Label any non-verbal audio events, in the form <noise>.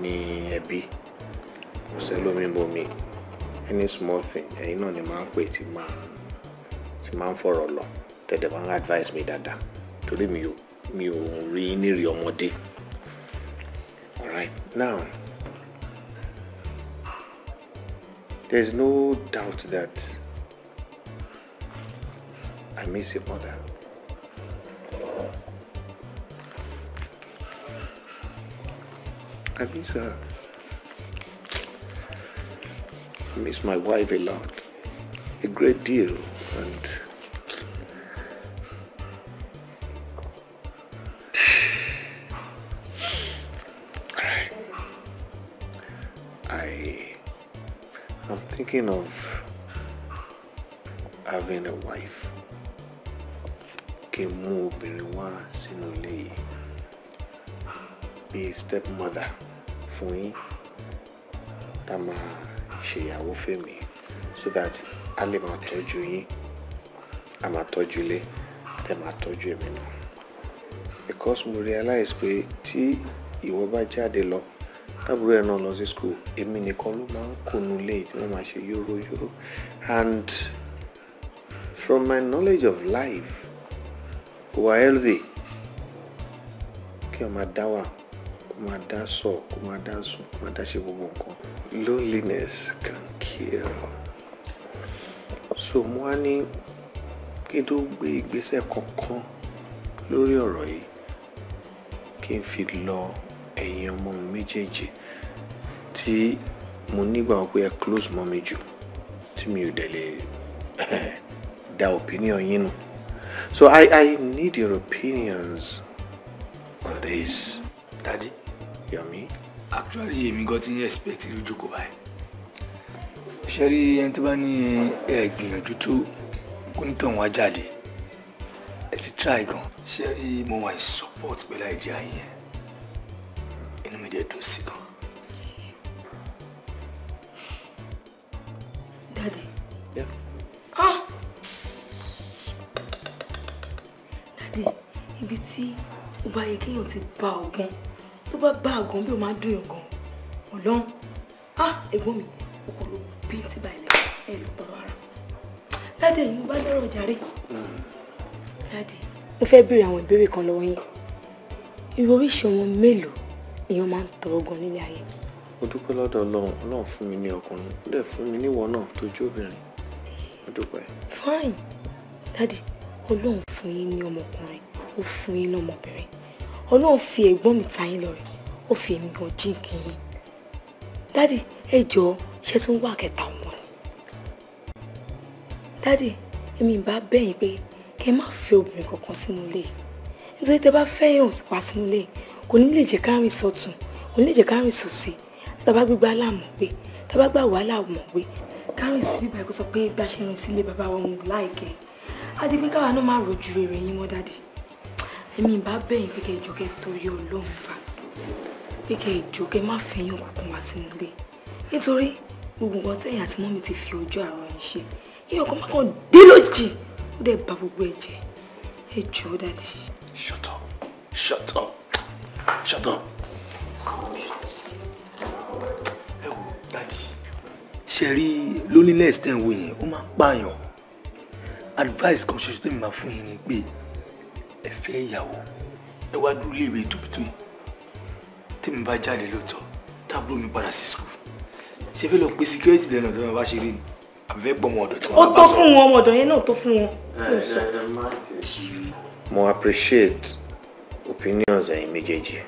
ní ẹbí kò sẹ́lómìbomi any small thing ẹ̀yin náà ni máa ń pè tí máa tí máa ń fọ̀rọ̀ lọ tẹ̀dẹ̀ máa ń advice mi dáadáa torí mi ò mi ò rí nírì ọmọdé alright now there is no doubt that I miss your mother. I miss her. I miss my wife a lot, a great deal, and <sighs> I, I am thinking of having a wife. kí n mú obìnrin a sínú stepmother. fún yín tá a máa ṣèyàwó fèmí so that a lè máa tọ́jú yín a máa tọ́jú ilé a lè máa tọ́jú èmi náà because mo realize pé tí ìwọ bá jáde lọ tábúrò ẹ̀ náà lọ sí school èmi nìkan ló máa ń kónú lé tí wọ́n máa ṣe yóró yóró and from my knowledge of life kò wá healthy kí o máa dá wà máa dá sọ kó máa dá sùn kó ṣe gbogbo nǹkan loneliness can kill so mo wá ní kí n tó gbé ìgbésẹ̀ kankan lórí ọ̀rọ̀ yìí kí n fi lọ ẹ̀yìn ọmọ mi méjèèjì tí mo nígbà pé ẹ close mọ́ mi jù tí mi ò dẹ̀ lè eh, da opinion yín nù so I I need your opinions on this. Daddy. Yọ̀mí actually èmi gan ti ń expect irú jókòó báyìí. ṣe rí to tó bá ní ẹ to tó kó ní tọ̀hún wá jáde ẹ ti try gan. ṣe mo wà support pẹ̀lú àìdí ayé ẹ̀ inú mi dẹ̀ dùn sí gan. Daddy. Yeah. Ah! Daddy, ibi tí ó bá yẹ kéèyàn ti bá ọgbọ́n tó bá bá àgàn bí o máa dùn yàn gan ọlọ́run ah ẹ̀gbọ́n mi òkòlò bí ti bá ilẹ̀ ẹ̀ lọ́pọ̀lọ́ ara dáàdì ẹ̀yin bá lọ́rọ̀ jàre dáàdì mo fẹ́ béèrè àwọn ìbéèrè kan lọ́wọ́ yín irú oríṣi ọmọ mélòó èèyàn máa ń tọrọ gan nílé ayé. mo dúpẹ́ lọ́dọ̀ ọlọ́run ọlọ́run fún mi ní ọkùnrin ó dẹ̀ fún mi níwọ náà tó jó obìnrin mo dúpẹ́. fine dáàdì ọlọ́run fún yín ní ọmọkùnrin ó fún yín lọ́mọbìnrin ọlọ́run fi ẹ̀gbọ́n mi ta yín lọ́rẹ ó fi èmi gan jíǹkì yín dádì ẹ jọ̀ọ́ ṣe tún wà kẹta ọmọ ni dádì èmi bá bẹ̀yìn pé kẹ́ má fẹ́ obìnrin kankan sínú ilé nítorí tẹ́ bá fẹ́ wá sínú ilé kò ní lè jẹ́ kárìn sọ́tún kò ní lè jẹ́ kárìn sòsì tàbá gbígbá láàmú pé tàbá gbà wàhálà mọ̀ pé kárìn sí bíbá ẹ̀kọ́ sọ pé bá ṣe rìn sílé bàbá wọn láìkẹ́ adigun káwa náà má rojú rere yín mọ́ dádì èmi ìbá bẹ̀yìn pé kẹ́ ẹ torí ọlọ́run fa pé kẹ́ ẹ jọ kẹ́ má fẹ̀yìn wá sínú ilé nítorí gbogbo nǹkan tẹ̀yìn àti mọ́mí ti fi ojú àárọ̀ yìí ṣe kí ọkọ má kàn dé lójijì ó dẹ̀ ba gbogbo ẹ̀ jẹ́ ẹ jọ dáàdì. Shut up. Shut up. Shut up. ẹ wò dáàdì ṣe rí loneliness tẹ̀ ń wo yẹn ó máa ń pààyàn advice kan ṣoṣo tó mi máa fún yín ni pé ẹ fẹ́ ìyàwó ẹ wá dúró léèwé tóbitó yìí tèmi bá jáde lóòótọ́ táàbùrò mi padà sí skul ṣé fẹ́ lọ pé síkírẹ́tì lẹ́nu ọ̀dọ́ máa bá ṣe rí ni àbí fẹ́ gbọ́ ọmọ ọ̀dọ̀ tí wọ́n bá sọ. ó tó fún wọn ọmọ yẹn náà tó fún wọn. mo appreciate opinions ẹ̀yin méjèèjì.